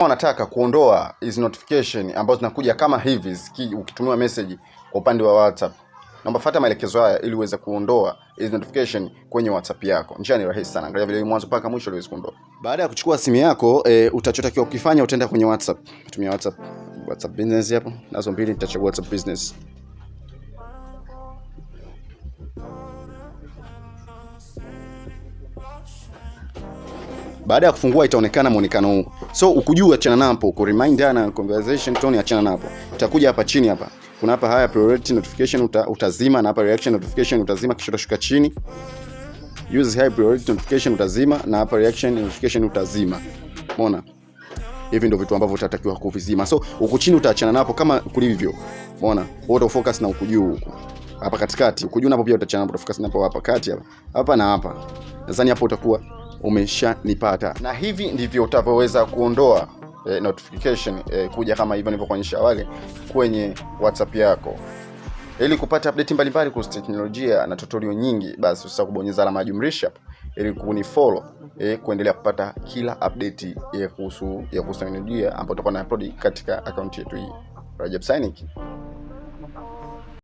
Wanataka kuondoa hizi notification ambazo zinakuja kama hivi ukitumiwa message kwa upande wa WhatsApp. Naomba fuata maelekezo haya ili uweze kuondoa hizi notification kwenye WhatsApp yako. Njia ni rahisi sana. Angalia video mwanzo mpaka mwisho ili uweze kuondoa. Baada ya kuchukua simu yako e, utachotakiwa kukifanya utaenda kwenye WhatsApp. Tumia WhatsApp. WhatsApp Business hapo. Nazo mbili nitachagua WhatsApp Business. Baada ya kufungua itaonekana muonekano huu. So ukujua achana napo, ku reminder na conversation tone achana napo. Utakuja hapa chini hapa. Kuna hapa haya priority notification uta, utazima na hapa reaction notification utazima kisha utashuka chini. Use high priority notification utazima na hapa reaction notification utazima. Umeona? Hivi ndio vitu ambavyo utatakiwa kuvizima. So huku chini utaachana napo kama kulivyo. Umeona? wote focus na huku juu huku. Hapa katikati, huku juu napo pia utaachana napo, focus napo hapa kati hapa. Hapa na hapa. Nadhani hapo utakuwa umeshanipata, na hivi ndivyo utavyoweza kuondoa eh, notification eh, kuja kama hivyo nilivyokuonyesha awali kwenye WhatsApp yako. Ili kupata update mbalimbali kuhusu teknolojia na tutorial nyingi, basi usisahau kubonyeza alama ya jumlisha ili kunifollow eh, kuendelea kupata kila update ya eh, kuhusu ya kuhusu teknolojia ambayo tutakuwa na upload katika akaunti yetu hii. Rajab Synic.